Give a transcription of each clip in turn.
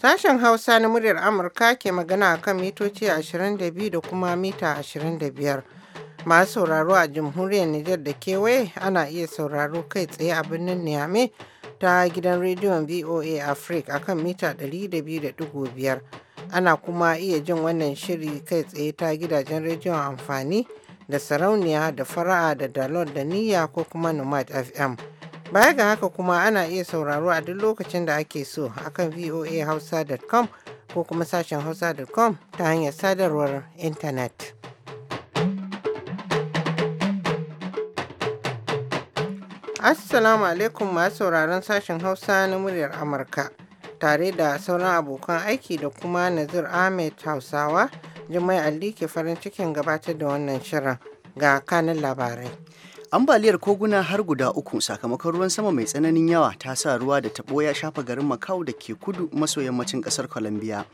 Sashen Hausa na muryar Amurka ke magana a kan mitoci 22 da kuma mita 25. Masu sauraro a jamhuriyar Nijar da kewaye ana iya sauraro kai tsaye a birnin Niamey ta gidan rediyon VOA Africa akan mita 200.5. Ana kuma iya jin wannan shiri kai tsaye ta gidajen rediyon amfani da sarauniya da fara'a da dalot da niyya ko kuma Nomad FM. Baya ga haka kuma ana iya sauraro a duk lokacin da ake so a akan voahausa.com ko kuma sashen hausa.com ta hanyar sadarwar intanet. Assalamu alaikum masu sauraron sashen hausa na muryar Amurka tare da sauran abokan aiki da kuma Nazir Ahmed Hausawa Jumai Alli ke farin cikin gabatar da wannan shirin ga kanin labarai. ambaliyar koguna har guda uku sakamakon ruwan sama mai tsananin yawa ta sa ruwa da tabo ya shafa garin makau da ke kudu maso yammacin kasar colombia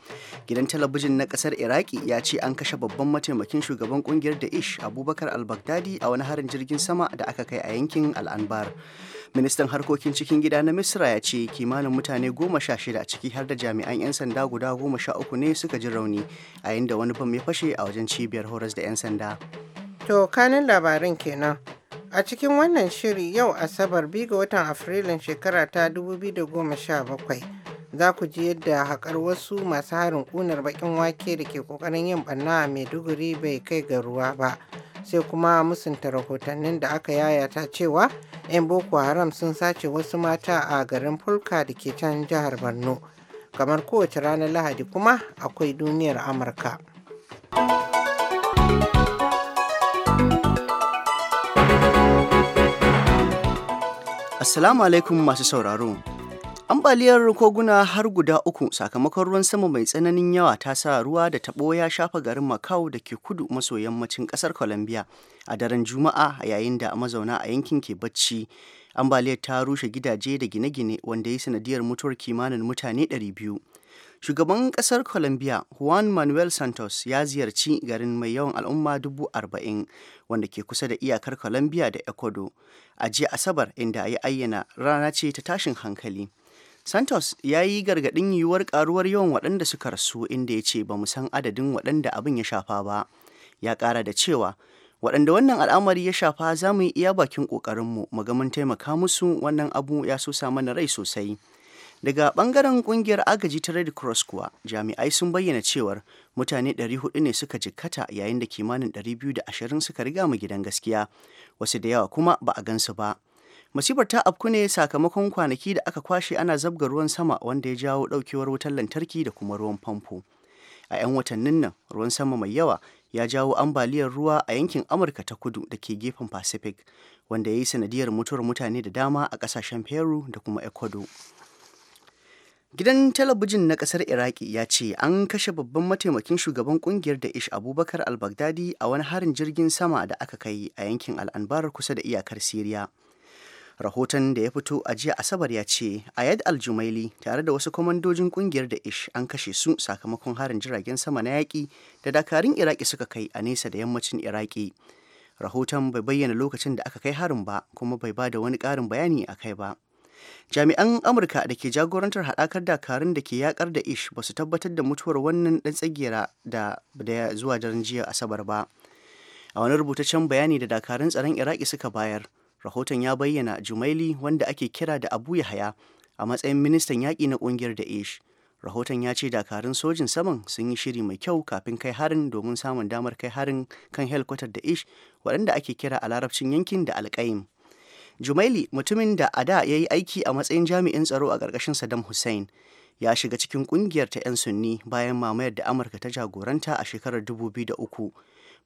gidan talabijin na kasar iraki ya ce an kashe babban mataimakin shugaban kungiyar da ish abubakar al-baghdadi a wani harin jirgin sama da aka kai a yankin al'anbar ministan harkokin cikin gida na misra ya ce kimanin mutane goma sha shida ciki har da jami'an 'yan sanda guda goma sha uku ne suka ji rauni a yayin da wani bam ya fashe a wajen cibiyar horas da 'yan sanda to kanin labarin kenan A cikin wannan shiri yau Asabar biyu ga watan Afrilun shekara ta 2017 za ku ji yadda haƙar wasu masu harin ƙunar baƙin wake da ke ƙoƙarin yin ɓanna a Maiduguri bai kai ga ruwa ba. Sai kuma musunta rahotannin da aka yayata cewa 'yan Boko Haram sun sace wasu mata a garin Fulka da ke can jihar Borno. Kamar kowace ranar Lahadi kuma akwai duniyar Amurka. Assalamu alaikum masu sauraro. Ambaliyar koguna har guda uku sakamakon ruwan sama mai tsananin yawa ta sa ruwa da tabo ya shafa garin Macau da ke kudu maso yammacin kasar Colombia a daren Juma'a yayin da mazauna a yankin ke bacci. Ambaliyar ta rushe gidaje da gine-gine wanda ya sanadiyar mutuwar kimanin mutane 200. Shugaban Kasar Colombia Juan Manuel Santos ya ziyarci garin mai yawan al'umma dubu arba'in wanda ke kusa da iyakar Colombia da Ecuador a jiya Asabar inda ya ayyana rana ce ta tashin hankali. Santos ya yi gargaɗin yiwuwar ƙaruwar yawan waɗanda suka rasu inda ya ce ba mu san adadin waɗanda abin ya shafa ba. Ya ƙara da cewa waɗanda wannan al'amari ya shafa za mu yi iya bakin ƙoƙarinmu mu ga mun taimaka musu wannan abu ya so mana rai sosai. daga bangaren kungiyar agaji ta red cross kuwa jami'ai sun bayyana cewar mutane 400 ne suka jikkata yayin da kimanin 220 suka riga mu gidan gaskiya wasu da yawa kuma ba a gansu ba masifar ta afku ne sakamakon kwanaki da aka kwashe ana zabga ruwan sama wanda ya jawo daukewar wutar lantarki da kuma ruwan famfo a 'yan watannin nan ruwan sama mai yawa ya jawo ambaliyar ruwa a yankin amurka ta kudu da ke gefen pacific wanda ya yi sanadiyar mutuwar mutane da dama a kasashen peru da kuma ecuador Gidan talabijin na kasar Iraki ya ce an kashe babban mataimakin shugaban kungiyar ish Abubakar al-Baghdadi a wani harin jirgin sama da aka kai a yankin al'anbar kusa da iyakar Siriya. Rahoton da ya fito a jiya Asabar ya ce Ayad al-Jumaili tare da wasu kwamandojin kungiyar ish an kashe su sakamakon harin jiragen sama na yaƙi da dakarun Iraki suka kai a nesa da yammacin Iraki. Rahoton bai bayyana lokacin da aka kai harin ba kuma bai ba da wani ƙarin bayani a kai ba. jami'an amurka da ke jagorantar haɗakar dakarun da ke yakar da ish ba su tabbatar da mutuwar wannan dan tsagera da zuwa daren jiya asabar ba a wani rubutaccen bayani da dakarun tsaron iraki suka bayar rahoton ya bayyana jumaili wanda ake kira da abu yahaya a matsayin ministan yaki na ƙungiyar da ish rahoton ya ce dakarun sojin saman sun yi shiri mai kyau kafin kai harin domin samun damar kai harin kan helikwatar da ish waɗanda ake kira a larabcin yankin da alƙayim Jumaili mutumin da a da ya yi aiki a matsayin jami'in tsaro a ƙarƙashin Saddam Hussein ya shiga cikin ƙungiyar ta 'yan sunni bayan mamayar da Amurka ta jagoranta a shekarar 2003.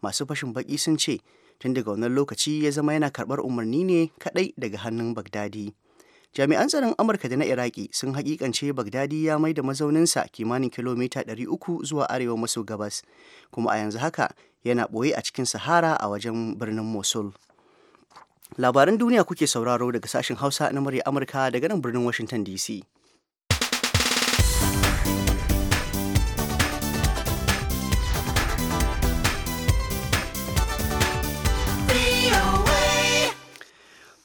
Masu fashin baƙi sun ce tun daga wannan lokaci ya zama yana karɓar umarni ne kaɗai daga hannun Bagdadi. Jami'an tsaron Amurka da na Iraki sun haƙiƙance Bagdadi ya mai da mazauninsa kimanin kilomita 300 zuwa arewa maso gabas, kuma a yanzu haka yana ɓoye a cikin Sahara a wajen birnin Mosul. labaran duniya kuke sauraro daga sashen hausa na murya amurka daga nan birnin washington dc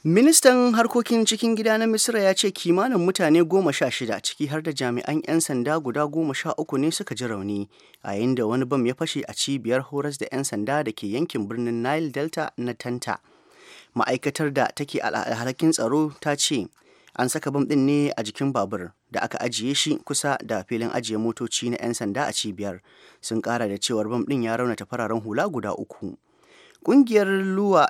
Ministan harkokin cikin gida na Misira ya ce kimanin mutane goma sha shida ciki har da jami'an 'yan sanda guda goma sha uku ne suka ji rauni a yayin da wani bam ya fashe a cibiyar horas da 'yan sanda da ke yankin birnin Nile Delta na Tanta. ma'aikatar da take alhakin tsaro ta ce an saka bam ɗin ne a jikin babur da aka ajiye shi kusa da filin ajiye motoci na 'yan sanda a cibiyar sun kara da cewar bam ɗin ya raunata fararen hula guda uku Ƙungiyar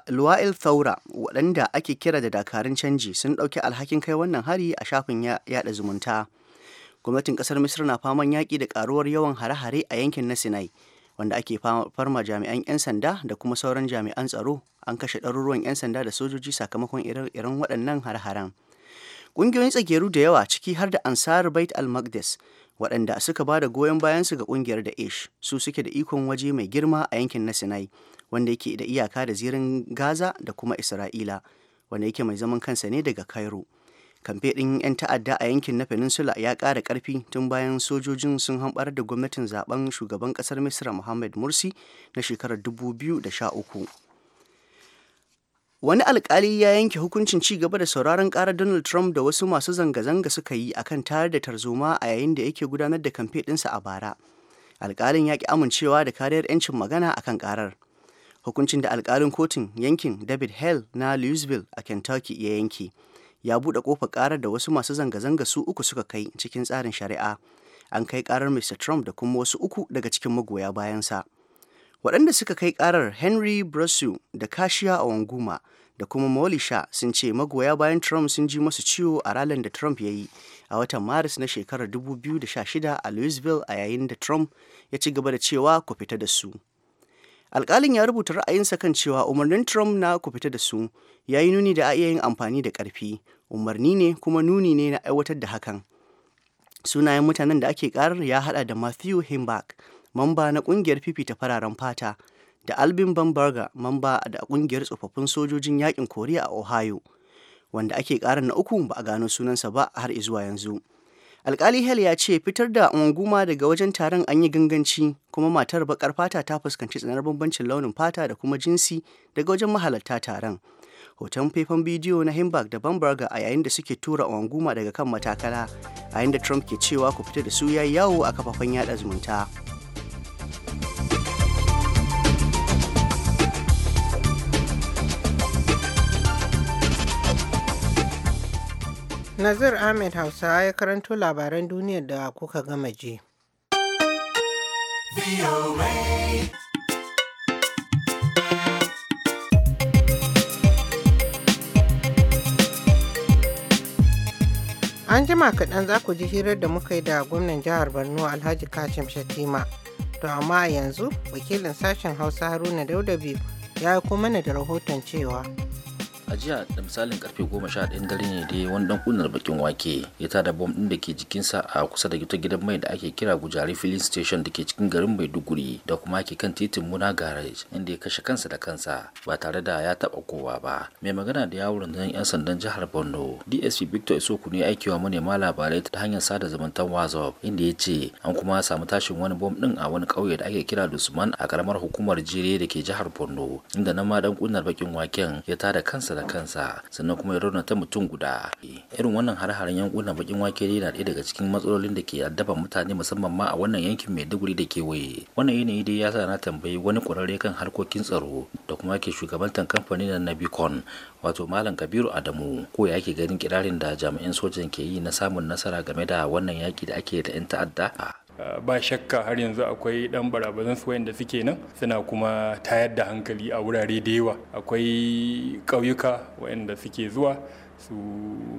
Luwa'il Thaura waɗanda ake kira da dakarun canji sun ɗauki alhakin kai wannan hari a shafin yaɗa zumunta. Gwamnatin ƙasar Misir na faman yaƙi da ƙaruwar yawan hare-hare a yankin na Sinai wanda ake farma jami'an 'yan sanda da kuma sauran jami'an tsaro an kashe ɗaruruwan 'yan sanda da sojoji sakamakon irin waɗannan har-haren ƙungiyoyin tsageru da yawa ciki har da ansar bait al-maqdis waɗanda suka ba da goyon bayansu ga ƙungiyar da ish su suke da ikon waje mai girma a yankin na sinai wanda yake da iyaka da zirin gaza da kuma isra'ila wanda yake mai zaman kansa ne daga cairo kamfe ɗin 'yan ta'adda a yankin na peninsula ya ƙara ƙarfi tun bayan sojojin sun hambar da gwamnatin zaben shugaban ƙasar misra muhammad morsi na shekarar 2013 wani alkali ya yanke hukuncin ci gaba da sauraron ƙarar donald trump da wasu masu zanga-zanga suka yi akan tare da tarzoma a yayin da yake gudanar da kamfe ɗinsa a bara alkalin ya ki amincewa da kariyar 'yancin magana akan ƙarar hukuncin da alkalin kotun yankin david hale na louisville a kentucky ya yanke ya buɗe ƙofar ƙarar da wasu masu zanga-zanga su uku suka kai cikin tsarin shari'a an kai ƙarar mr trump da kuma wasu uku daga cikin magoya bayansa waɗanda suka kai ƙarar henry brasu da kashiya wanguma da kuma molisha sun ce magoya bayan trump sun ji masu ciwo a ralin da trump ya yi a watan maris na shekarar 2016 a louisville a yayin da trump ya ci gaba da cewa ku fita da su alkalin ya rubuta ra'ayinsa kan cewa umarnin trump na ku fita da su ya yi nuni da a iya yin amfani da karfi umarni ne kuma nuni ne na aiwatar da hakan sunayen mutanen da ake karar ya hada da matthew himbach mamba na kungiyar fifita fararen fata da albin bamberger mamba da kungiyar tsofaffin sojojin yakin koriya a ohio wanda ake karar na uku ba a gano sunansa ba har zuwa yanzu alkali hel ya ce fitar da unguma daga wajen taron an yi ganganci kuma matar bakar fata ta fuskanci tsanar bambancin launin fata da kuma jinsi daga wajen mahalarta taron hoton faifan bidiyo na himberg da bamberger a yayin da suke tura unguma daga kan matakala a yayin da trump ke cewa ku fita da su yayi yawo a kafafen yada zumunta Nazir Ahmed Hausa ya karanto labaran duniyar da kuka gama je. An jima kaɗan za ku ji hirar da muka yi da gwamnan jihar Borno Alhaji Kashim Shatima. To amma yanzu wakilin sashen Hausa Haruna Daudabi ya yi kuma da rahoton cewa a jiya da misalin karfe 11 dare ne dai wani dan kunar bakin wake ya tada bom din da ke jikinsa a kusa da gita gidan mai da ake kira gujari filling station da ke cikin garin maiduguri da kuma ake kan titin muna garage inda ya kashe kansa da kansa ba tare da ya taba kowa ba mai magana da yawon rundunar yan sandan jihar borno dsp victor isoku ne aikewa manema labarai ta hanyar sada zumuntar whatsapp inda ya ce an kuma samu tashin wani bom din a wani kauye da ake kira dusman a karamar hukumar jere da ke jihar borno inda nan ma dan kunar bakin waken ya tada kansa da kansa sannan kuma ya raunata mutum guda irin wannan hare-haren yankunan bakin wake na daya daga cikin matsalolin da ke addaba mutane musamman ma a wannan yankin maiduguri da kewaye wannan yanayi dai ya sa na tambayi wani kwararre kan harkokin tsaro da kuma ke shugabantan kamfanin na nabicon wato malam kabiru adamu ko ya ke ganin kirarin da jami'an sojan ke yi na samun nasara game da wannan yaki da ake da 'yan ta'adda Eh, ba shakka har yanzu akwai dan barabazan su wayanda suke nan suna kuma tayar da hankali a wurare da yawa akwai ƙauyuka wayanda suke zuwa su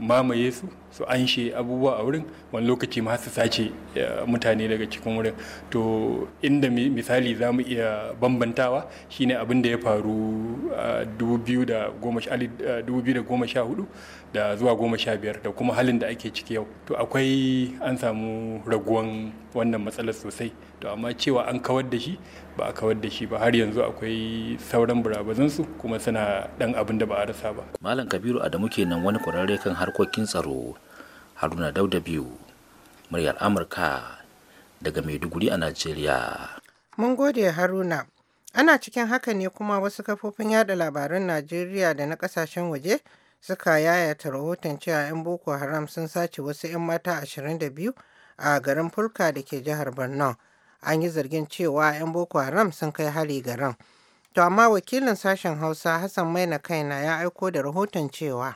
mamaye su su an she abubuwa a wurin wani lokaci ma su sace eh, mutane daga cikin wurin to inda misali za mu iya bambantawa shine abin da ya faru a 2014 da zuwa goma sha biyar da kuma halin da ake ciki yau to akwai an samu raguwan wannan matsalar sosai to amma cewa an kawar da shi ba a kawar da shi ba har yanzu akwai sauran burabazansu kuma suna dan abin da ba a rasa ba malam kabiru adamu kenan wani kwararre kan harkokin tsaro haruna dauda biyu muryar amurka daga maiduguri a najeriya mun gode haruna ana cikin haka ne kuma wasu kafofin yada labaran najeriya da na kasashen waje suka yayata rahoton cewa 'yan boko haram sun sace wasu 'yan mata 22 a garin fulka da ke jihar borno an yi zargin cewa 'yan boko haram sun kai hari garin to amma wakilin sashen hausa hassan mai na kaina ya aiko da rahoton cewa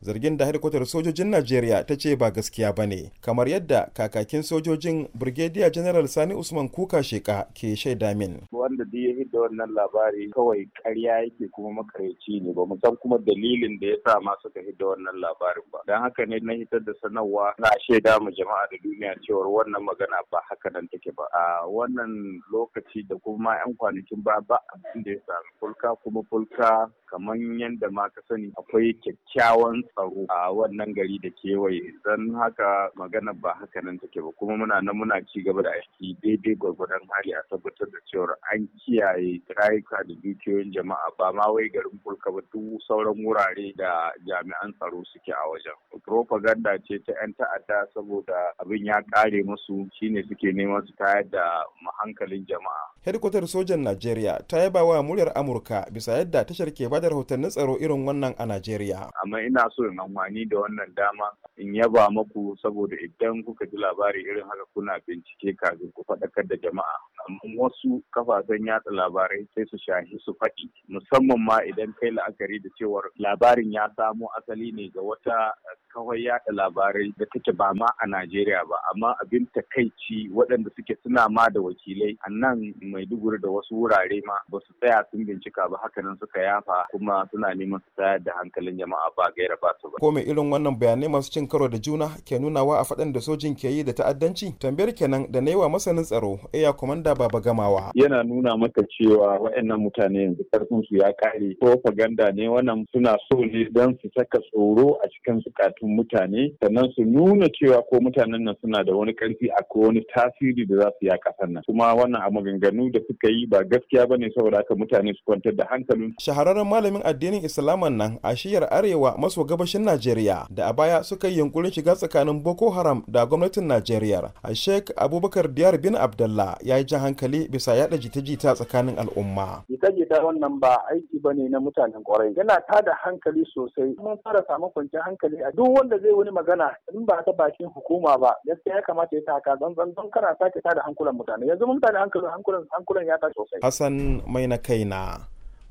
zargin da hedkwatar sojojin najeriya ta ce ba gaskiya ba ne kamar yadda kakakin sojojin brigadier general sani usman kuka sheka ke shaida min wanda duk ya hidda wannan labari kawai karya yake kuma makareci ne ba mu san kuma dalilin da ya sa ma suka hidda wannan labarin ba don haka ne na hitar da sanarwa na shaida mu jama'a da duniya cewar wannan magana ba haka nan take ba a wannan lokaci da kuma yan kwanakin ba ba abin da ya sami fulka kuma fulka kamar yadda ma ka sani akwai kyakkyawan tsaro a wannan gari da kewaye don haka magana ba haka nan take ba kuma muna nan muna ci gaba da aiki daidai gwargwadon hali a tabbatar da cewar an kiyaye rayuka da dukiyoyin jama'a ba ma wai garin fulka ba duk sauran wurare da jami'an tsaro suke a wajen propaganda ce ta 'yan ta'adda saboda abin ya kare musu shine suke neman su tayar da hankalin jama'a hedkwatar sojan najeriya ta yaba wa muryar amurka bisa yadda tashar ke bada rahotannin tsaro irin wannan a najeriya amma ina so in amfani da wannan dama in yaba maku saboda idan kuka ji labari irin haka kuna bincike kafin ku faɗakar da jama'a amma wasu kafafen yatsa labarai sai su shahi su faɗi musamman ma idan kai la'akari da cewar labarin ya samo asali ne ga wata kawai yatsa labarai da take ba ma a Najeriya ba amma abin takaici waɗanda suke suna ma da wakilai a nan mai Maiduguri da wasu wurare ma ba su tsaya sun bincika ba haka nan suka yafa kuma suna neman su tsayar da hankalin jama'a ba gaira ba su ba. Ko mai irin wannan bayanai masu cin karo da juna ke nunawa a faɗan da sojin ke yi da ta'addanci? Tambayar kenan da na yi wa masanin tsaro iya Commander Baba Gamawa. Yana nuna maka cewa waɗannan mutane yanzu karfin su ya kare propaganda ne wannan suna so ne don su saka tsoro a cikin zukatun mutane sannan su nuna cewa ko mutanen nan suna da wani karfi akwai wani tasiri da za su ya kasar kuma wannan a maganganu da suka yi ba gaskiya ba ne saboda haka mutane su kwantar da hankalin. Shahararren malamin addinin Islaman nan a shiyar arewa maso gabashin Najeriya da a baya suka yi yunkurin shiga tsakanin Boko Haram da gwamnatin Najeriya. A Sheikh Abubakar Diyar bin Abdullah ya yi hankali bisa yada jita-jita tsakanin al'umma. Jita-jita wannan ba aiki ba ne na mutanen kwarai. Yana da hankali sosai. Mun fara samun kwanciyar hankali a duk wanda zai wani magana in ba ta bakin hukuma ba. Gaskiya ya kamata ya taka zanzan don kana sake tada hankulan mutane. Yanzu mutane hankulan hankulan hankulan ya ta sosai. Hassan mai na kaina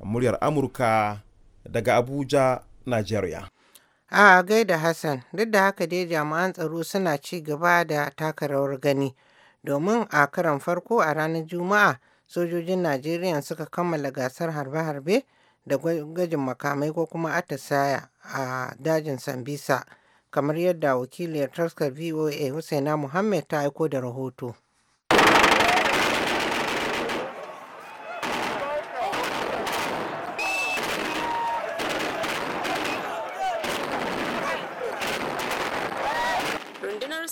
muryar Amurka daga Abuja, Najeriya. A gaida Hassan, duk da haka dai jami'an tsaro suna ci gaba da taka rawar gani. domin a karon farko a ranar Juma'a sojojin Najeriya suka kammala gasar harbe-harbe da gwajin makamai ko kuma atasaya a dajin Sambisa kamar yadda wakiliyar taskar VOA Husaina Muhammad ta aiko da rahoto.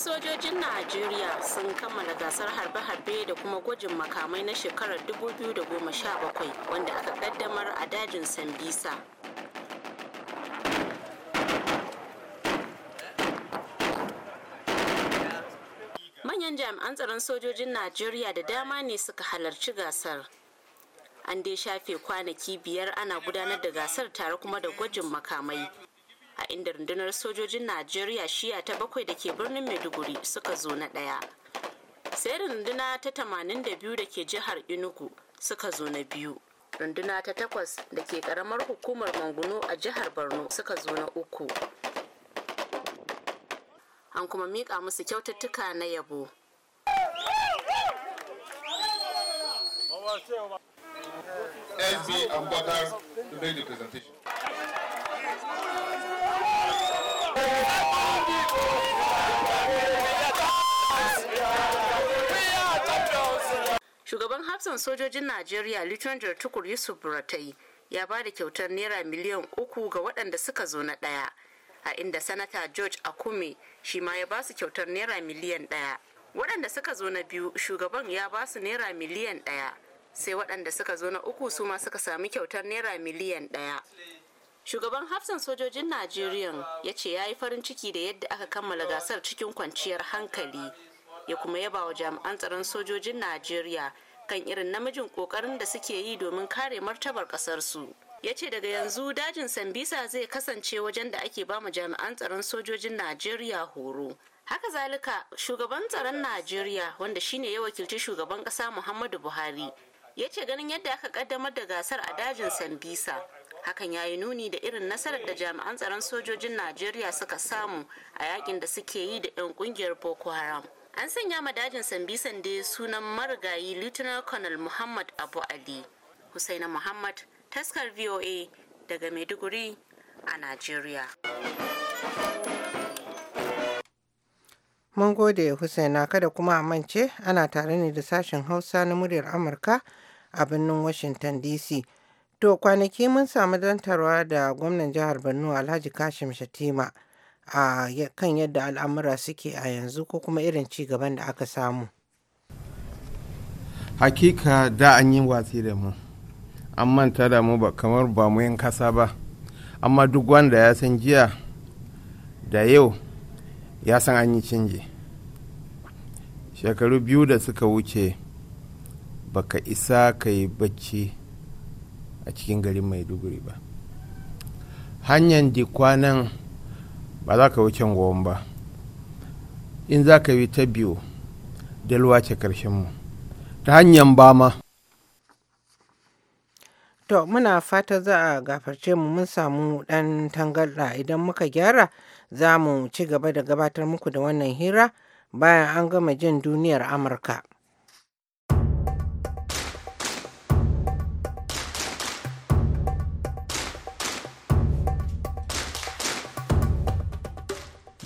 sojojin najeriya sun kammala gasar harbe-harbe da kuma gwajin makamai na shekarar 2017 wanda aka kaddamar a dajin sambisa manyan jami'an tsaron sojojin najeriya da dama ne suka halarci gasar an dai shafe kwanaki biyar ana gudanar da gasar tare kuma da gwajin makamai a inda rundunar sojojin najeriya shiya ta bakwai da ke birnin maiduguri suka zo na ɗaya sai runduna ta tamanin da biyu da ke jihar inugu suka zo na biyu runduna ta takwas da ke karamar hukumar manguno a jihar borno suka zo na uku an kuma miƙa musu kyaututtuka na yabo to make the presentation. Shugaban hafsan sojojin Najeriya Lieutenant Tukur Yusuf Buratai ya ba da kyautar naira miliyan uku ga waɗanda suka zo na ɗaya. A inda Sanata George Akume shi ma ya ba su kyautar naira miliyan ɗaya. Waɗanda suka zo na biyu shugaban ya ba su naira miliyan ɗaya. Sai waɗanda suka zo na uku su ma suka sami kyautar naira miliyan ɗaya. Shugaban hafsan sojojin Najeriya ya ce ya yi farin ciki da yadda aka kammala gasar cikin kwanciyar hankali ya kuma yaba wa jami'an tsaron sojojin Najeriya kan irin namijin kokarin da suke yi domin kare martabar ƙasarsu. ya ce daga yanzu dajin sambisa zai kasance wajen da ake bama jami'an tsaron sojojin najeriya horo haka zalika shugaban tsaron najeriya wanda shine ya wakilci shugaban kasa muhammadu buhari ya ce ganin yadda aka kaddamar da gasar a dajin sambisa hakan ya yi nuni da irin nasarar da jami'an tsaron sojojin najeriya suka samu a yakin da suke yi da 'yan kungiyar boko haram an sanya ma dajin sambisan da sunan marigayi litinal colonel muhammad abu ali husaina muhammad taskar voa daga maiduguri a najeriya mun gode husaina kada kuma a mance ana tare ne da sashen hausa na muryar amurka a birnin washington dc To kwanaki mun samu dantarwa da gwamnan jihar Borno Alhaji Kashim Shatima a kan yadda al'amura suke a yanzu ko kuma irin ci gaban da aka samu. Hakika da an yi watsi da mu, an manta da mu ba kamar ba mu yin kasa ba, amma duk wanda ya san jiya da yau ya san an yi canji. Shekaru biyu da suka wuce baka isa ka yi bacci. a cikin garin maiduguri ba hanyar kwanan ba za ka wuce gowon ba in za ka yi ta biyu dalwa ce mu ta hanyar bama to muna fata za a gafarce mu mun samu dan tangarda idan muka gyara za mu ci gaba da gabatar muku da wannan hira bayan an gama jin duniyar amurka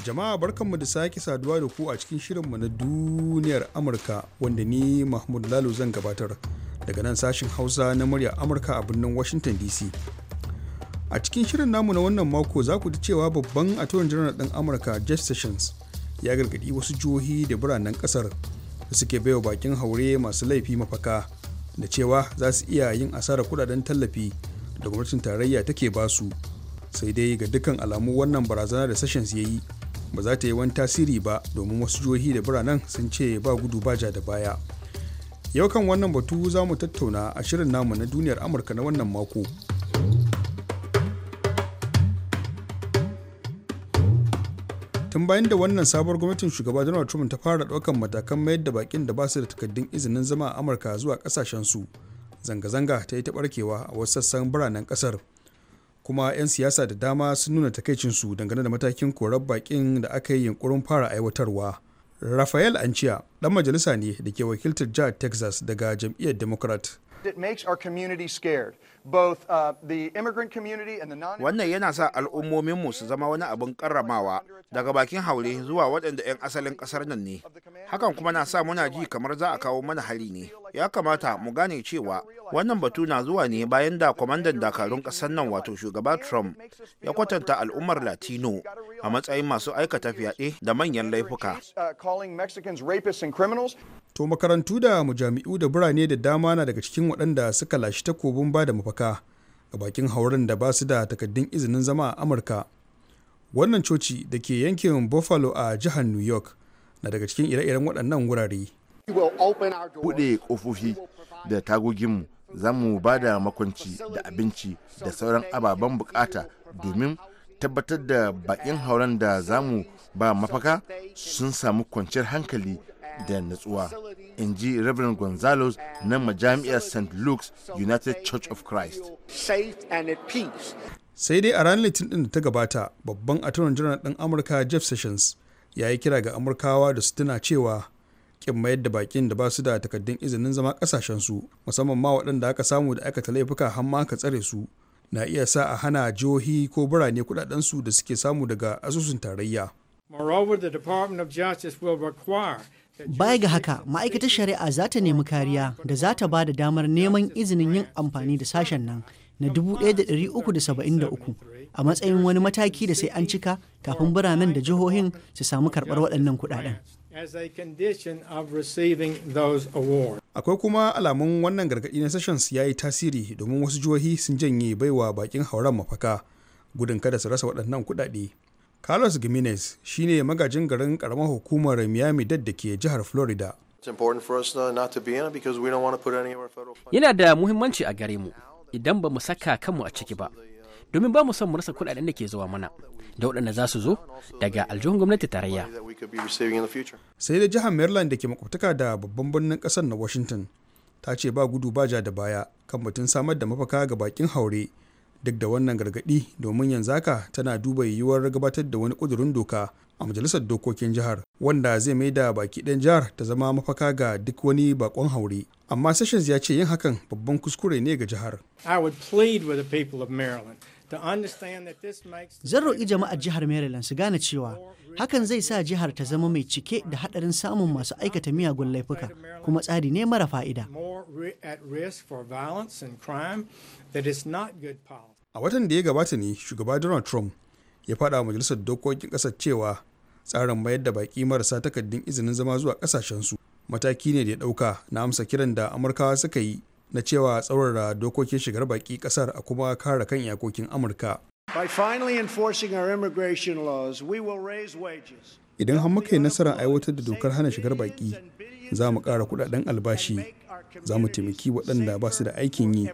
Jama'a barkanmu da sake saduwa da ku a cikin shirinmu na duniyar Amurka wanda ni Mahmud Lalo zan gabatar daga nan sashen Hausa na murya Amurka a birnin Washington DC. A cikin shirin namu na wannan mako za ku ji cewa babban attorney general ɗan Amurka Jeff Sessions ya gargaɗi wasu jihohi da biranen ƙasar da suke baiwa bakin haure masu laifi mafaka da cewa za su iya yin asarar kuɗaɗen tallafi da gwamnatin tarayya take basu sai dai ga dukkan alamu wannan barazana da sessions ya yi ba za ta yi wani tasiri ba domin wasu jihohi da biranen sun ce ba gudu ba ja da baya yau kan wannan batu za mu tattauna a shirin namu na duniyar amurka na wannan mako tun bayan da wannan sabuwar gwamnatin shugaba donald trump ta fara ɗaukan matakan mayar da bakin da ba su da takaddun izinin zama a amurka zuwa su zanga-zanga ta yi ta barkewa a wasu sassan biranen ƙasar. kasar kuma 'yan siyasa da dama sun nuna takaicinsu dangane da matakin korar bakin da aka yi yunkurin fara aiwatarwa rafael ancia dan majalisa ne da ke wakiltar jihar texas daga jam'iyyar democrat uh, Wannan yana sa al'ummominmu su zama wani abin karramawa daga bakin haure zuwa waɗanda 'yan asalin ƙasar nan ne. Hakan kuma na sa muna ji kamar za a kawo mana hali ne. ya kamata mu gane cewa wannan batu na zuwa ne bayan da kwamandan dakarun kasar nan wato shugaba trump ya kwatanta al'ummar latino a matsayin masu aikata fyaɗe da manyan laifuka to makarantu da mujami'u da birane da dama na daga cikin waɗanda suka lashi takobin ba da mafaka ga bakin hauren da ba su da takaddun izinin zama a amurka wannan coci da ke yankin buffalo a jihar new york na daga cikin ire-iren waɗannan wurare buɗe ƙofofi da tagoginmu za mu ba da makwanci da abinci da sauran ababen bukata domin tabbatar da bakin hauren da za mu ba mafaka sun samu kwanciyar hankali da natsuwa in ji reverend gonzalez na majami'ar st luke's united church of christ sai dai a ranar litinin din da ta gabata babban attorney jiran ɗan amurka jeff sessions ya yi kira ga amurkawa da su tuna cewa kin mayar da bakin da ba su da takaddun izinin zama su musamman ma waɗanda aka samu da aikata laifuka har ma ka tsare su na iya sa a hana jihohi ko birane su da suke samu daga asusun tarayya. Baya ga haka, ma'aikatar shari'a za ta nemi kariya da za ta ba da damar neman izinin yin amfani da sashen nan na 1373 a matsayin wani mataki da sai an cika kafin biranen da jihohin su samu karbar waɗannan kuɗaɗen. as a condition of receiving Akwai kuma alamun wannan gargaɗi na Sessions ya yi tasiri domin wasu jihohi sun janye baiwa bakin hauren mafaka gudun kada su rasa waɗannan kuɗaɗe. Carlos Gimenez ne magajin garin ƙaramar hukumar Miami Dade da ke jihar Florida. Uh, Yana da muhimmanci a gare mu idan ba mu saka kanmu a ciki ba, domin ba mu son mu rasa kudaden da ke zuwa mana da waɗanda za su zo daga aljihun gwamnati tarayya. Sai da jihar Maryland da ke makwabtaka da babban birnin ƙasar na Washington ta ce ba gudu ba ja da baya kan batun samar da mafaka ga bakin haure duk da wannan gargaɗi domin yanzu haka tana duba yiwuwar gabatar da wani ƙudurin doka a majalisar dokokin jihar wanda zai mai da baki ɗan jihar ta zama mafaka ga duk wani bakon haure amma sessions ya ce yin hakan babban kuskure ne ga jihar. I would plead with the people Zan roƙi jama'ar jihar Maryland su gane cewa hakan zai sa jihar ta zama mai cike da haɗarin samun masu aikata miyagun laifuka kuma tsari ne mara fa'ida. A watan da ya gabata ne shugaba Donald Trump ya faɗa majalisar dokokin ƙasar cewa tsarin mayar da baki marasa takardun izinin zama zuwa su mataki ne da ya dauka na amsa kiran da Amurkawa suka yi na cewa tsaurara dokokin shigar baki kasar a kuma kare kan iyakokin amurka idan har muka yi nasarar aiwatar da dokar hana shigar baki za mu ƙara kudaden albashi za mu taimaki waɗanda ba su da aikin yi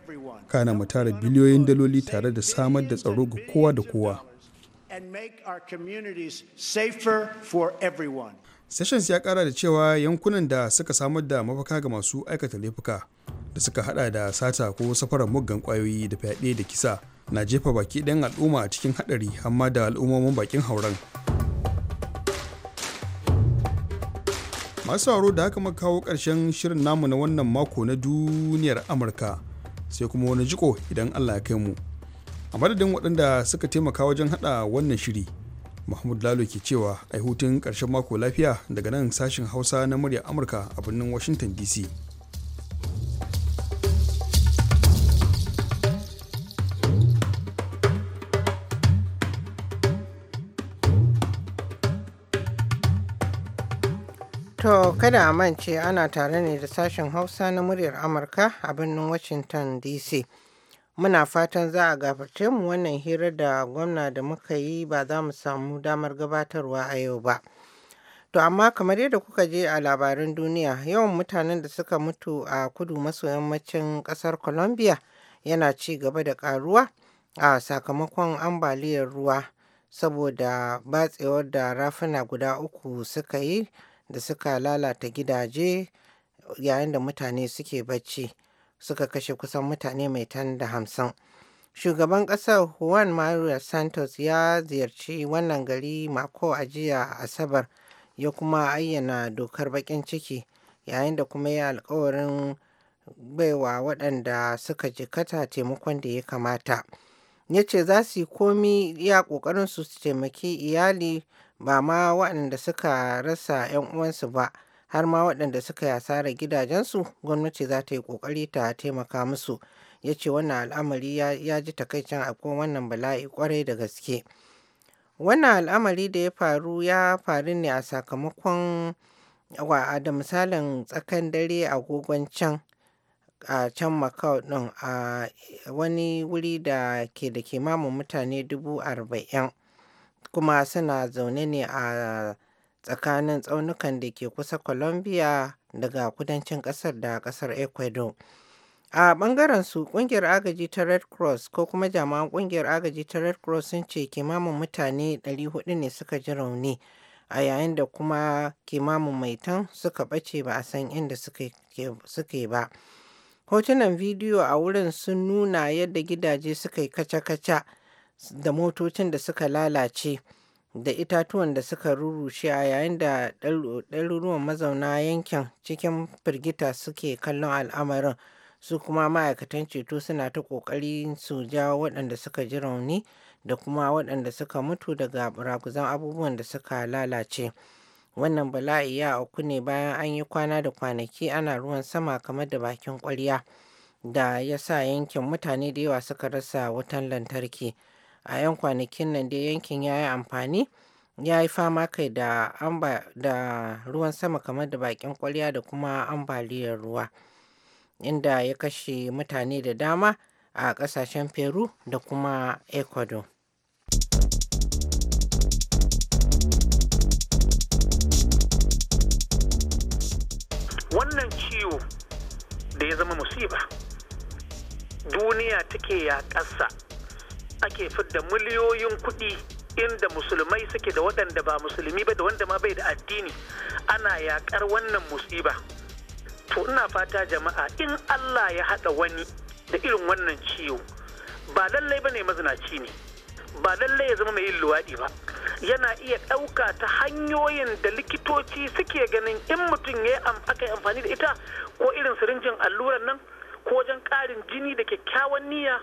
kana mu tara biliyoyin daloli tare da samar da tsaro ga kowa da kowa sessions ya kara da cewa yankunan da suka samar da mafaka ga masu aikata laifuka da suka hada da sata ko safarar muggan kwayoyi da fyaɗe da kisa na jefa baki ɗayan al'umma a cikin haɗari amma da al'ummomin bakin hauren masu sauraro da haka muka kawo ƙarshen shirin namu na wannan mako na duniyar amurka sai kuma wani jiko idan allah ya kai mu a madadin waɗanda suka taimaka wajen hada wannan shiri mahmud lalo ke cewa ai hutun ƙarshen mako lafiya daga nan sashen hausa na murya amurka a birnin washington dc To kada a mance ana tare ne da sashen Hausa na muryar Amurka a birnin Washington DC. Muna fatan za a gafarce mu wannan hira da gwamna da muka yi ba za mu samu damar gabatarwa a yau ba. To amma kamar yadda kuka je a labarin duniya yawan mutanen da suka mutu a kudu maso yammacin kasar Colombia yana ci gaba da karuwa a sakamakon ambaliyar ruwa saboda batsewar da rafuna guda uku suka yi da suka lalata gidaje yayin da mutane suke bacci suka kashe kusan mutane mai tan da hamsin. Shugaban ƙasar Juan Mario Santos ya ziyarci wannan gari mako a jiya Asabar ya kuma ayyana dokar bakin ciki yayin da kuma ya alkawarin baiwa waɗanda suka jikata taimakon da ya kamata. Ya ce za su yi komi ya ƙoƙarin su taimaki iyali ba ma waɗanda suka rasa 'yan uwansu ba har ma waɗanda suka yi asarar gidajensu gwamnati za ta yi ƙoƙari ta taimaka musu ya ce wannan al'amari ya ji takaicin akwai wannan bala'i kwarai da gaske wannan al'amari da ya faru ya faru ne a sakamakon da misalin tsakan dare agogon can a can makau ɗin a wani wuri da ke da kimamin mutane dubu arba'in kuma suna zaune ne a tsakanin tsaunukan da ke kusa colombia daga kudancin kasar da kasar ecuador a bangaren su kungiyar agaji ta red cross ko kuma jami'an kungiyar agaji ta red cross sun ce kimamin mutane 400 ne suka ji rauni a yayin da kuma kimamin maitan suka bace ba a san inda suke ba hotunan bidiyo a wurin sun nuna yadda gidaje suka yi kaca-kaca da motocin da suka lalace da itatuwan da suka rurushe a yayin da ɗaruruwan mazauna yankin cikin firgita suke kallon al'amarin su kuma ma'aikatan ceto suna ta ƙoƙari su jawo waɗanda suka ji rauni da kuma waɗanda suka mutu daga raguzan abubuwan da suka lalace wannan bala'i ya auku ne bayan an yi kwana da kwanaki ana ruwan sama kamar da bakin ƙwarya da ya sa yankin mutane da yawa suka rasa wutan lantarki. a 'yan kwanakin nan da yankin ya yi amfani ya yi fama kai da ruwan sama kamar da bakin kwarya da kuma ambaliyar ruwa inda ya kashe mutane da dama a kasashen peru da kuma ecuador wannan ciwo da ya zama musiba duniya take ya ƙasa ake fidda miliyoyin kuɗi inda musulmai suke da waɗanda ba musulmi ba da wanda ma bai da addini ana yaƙar wannan musiba to ina fata jama'a in Allah ya haɗa wani da irin wannan ciwo ba lallai ba ne mazinaci ne ba lallai ya zama mai yin luwaɗi ba yana iya ɗauka ta hanyoyin da likitoci suke ganin in mutum ya aka yi amfani da ita ko irin sirinjin alluran nan ko wajen ƙarin jini da kyakkyawan niyya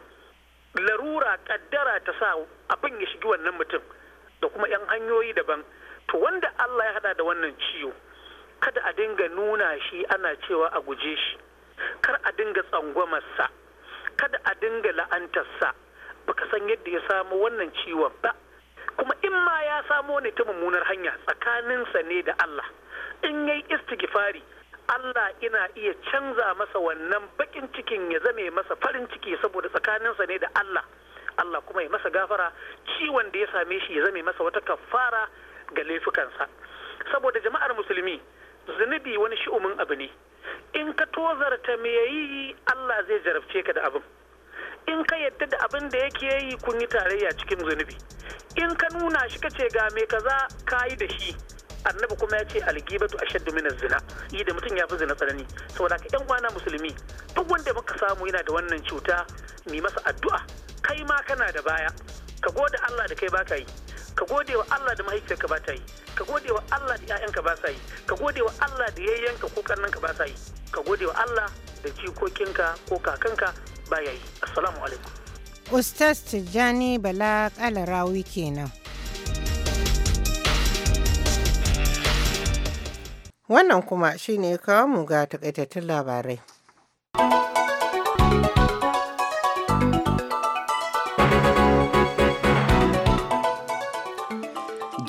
larura kaddara ta sa abin ya shigi wannan mutum da kuma 'yan hanyoyi daban to wanda Allah ya hada da wannan ciwo kada a dinga nuna shi ana cewa a guje shi kar a dinga tsangwamarsa kada a dinga la'antarsa baka san yadda ya samu wannan ciwon ba kuma in ma ya samo ne ta mummunar hanya tsakaninsa ne da Allah in yayi istighfari Allah ina iya canza masa wannan bakin cikin ya zame masa farin ciki saboda tsakaninsa ne da Allah Allah kuma ya masa gafara ciwon da ya same shi ya zame masa wata kafara ga laifukansa saboda jama'ar musulmi zunubi wani shi'umin abu ne in ka tozarta me yayi Allah zai jarabce ka da abin in ka yadda da abin da yake yi kun yi tarayya cikin zunubi in ka nuna shi ka ce ga me kaza ka yi da shi annabi kuma ya ce algibatu ashaddu min zina yi da mutum ya fi zina tsanani saboda ka yan wana musulmi duk wanda muka samu yana da wannan cuta mi masa addu'a kai ma kana da baya ka gode Allah da kai baka yi ka gode wa Allah da mahaifiyarka ba ta yi ka gode wa Allah da 'ya'yanka ba sa yi ka gode wa Allah da yayyanka ko ka ba sa yi ka gode wa Allah da jikokinka ko kakanka ba yayi yi assalamu alaikum Ustaz Tijjani Bala Kalarawi kenan. Wannan kuma shi ne kawo mu ga takaitattun labarai.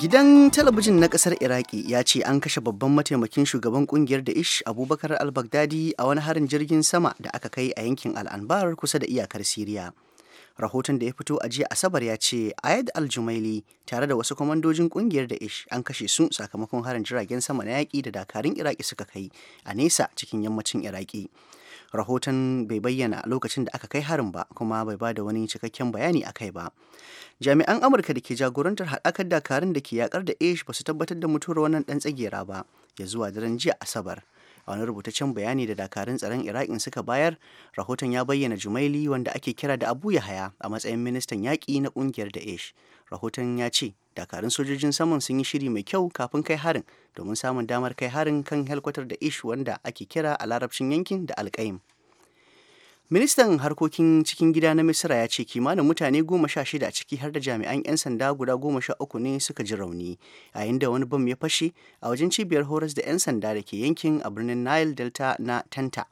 Gidan talabijin na kasar Iraki ya ce an kashe babban mataimakin shugaban kungiyar da ish Abubakar al-Baghdadi a wani harin jirgin sama da aka kai a yankin Al-Anbar kusa da iyakar Siriya. rahoton da ya fito a jiya asabar ya ce ayad aljumaili tare da wasu kwamandojin kungiyar da ish an kashe su sakamakon harin jiragen sama na yaƙi da dakarun iraki suka kai a nesa cikin yammacin iraki rahoton bai bayyana lokacin da aka kai harin ba kuma bai ba da wani cikakken bayani a kai ba jami'an amurka da ke jagorantar haɗakar dakarun da ke yakar da ish ba su tabbatar da mutuwar wannan ɗan tsagera ba ya zuwa daren jiya asabar a wani rubutaccen bayani da dakarun tsaron iraqin suka bayar rahoton ya bayyana jumaili wanda ake kira da abu yahaya a matsayin ministan yaƙi na ƙungiyar Ish. rahoton ya ce dakarun sojojin saman sun yi shiri mai kyau kafin kai harin domin samun damar kai harin kan helkwatar Ish wanda ake kira a larabcin yankin da alƙaim Ministan harkokin cikin gida na Misira ya ce kimanin mutane goma sha shida a ciki har da jami'an 'yan sanda guda goma sha uku ne suka ji rauni yayin da wani bam ya fashe a wajen cibiyar horas da 'yan sanda da ke yankin a birnin Nile Delta na Tanta.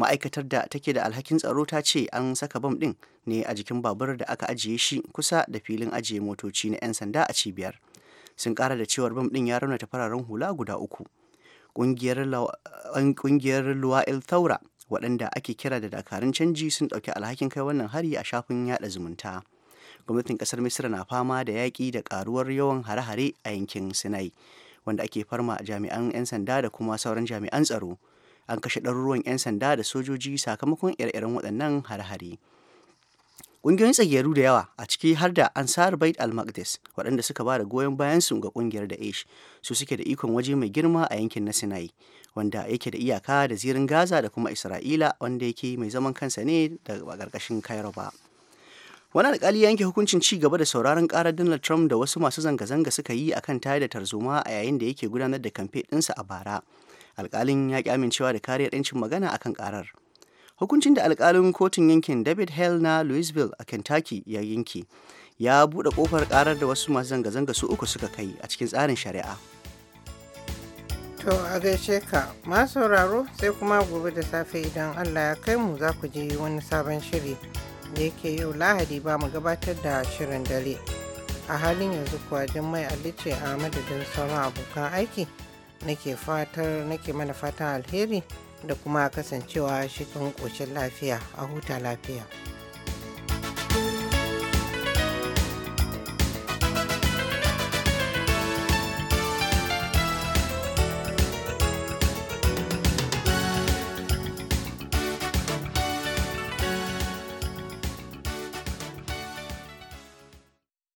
Ma'aikatar da take da alhakin tsaro ta ce an saka bam ɗin ne a jikin babur da aka ajiye shi kusa da filin ajiye motoci na 'yan sanda a cibiyar. Sun ƙara da cewar bam ɗin ya raunata fararen hula guda uku. Ƙungiyar Luwa'il Thaura waɗanda ake kira da dakarun canji sun ɗauki alhakin kai wannan hari a shafin yada zumunta gwamnatin ƙasar misira na fama da yaƙi da ƙaruwar yawan hare-hare a yankin sinai wanda ake farma jami'an 'yan sanda da kuma sauran jami'an tsaro an kashe ɗaruruwan 'yan sanda da sojoji sakamakon ire-iren waɗannan hare-hare ƙungiyoyin tsagiyaru da yawa a ciki har da ansar bait al-maqdis waɗanda suka ba da goyon bayansu ga ƙungiyar da ish su suke da ikon waje mai girma a yankin na sinai wanda yake da iyaka da zirin gaza da kuma isra'ila wanda yake mai zaman kansa ne daga ƙarƙashin cairo ba wani alƙali ya yanke hukuncin ci gaba da sauraron karar donald trump da wasu masu zanga-zanga suka yi akan tayar da tarzoma a yayin da yake gudanar da kamfe ɗinsa a bara alkalin ya ƙi amincewa da kariyar 'yancin magana akan ƙarar. hukuncin da alƙalin kotun yankin david hale na louisville a kentucky ya yanke ya buɗe ƙofar ƙarar da wasu masu zanga-zanga su uku suka kai a cikin tsarin shari'a To a gaishe ka ma sauraro sai kuma gobe da safe idan Allah ya kai mu za ku je wani sabon shiri da yake yau lahadi ba mu gabatar da shirin dare. A halin yanzu kuwa mai Alice a madadin sauran abokan aiki nake fatar nake mana fatan alheri da kuma kasancewa kan koshin lafiya a huta lafiya.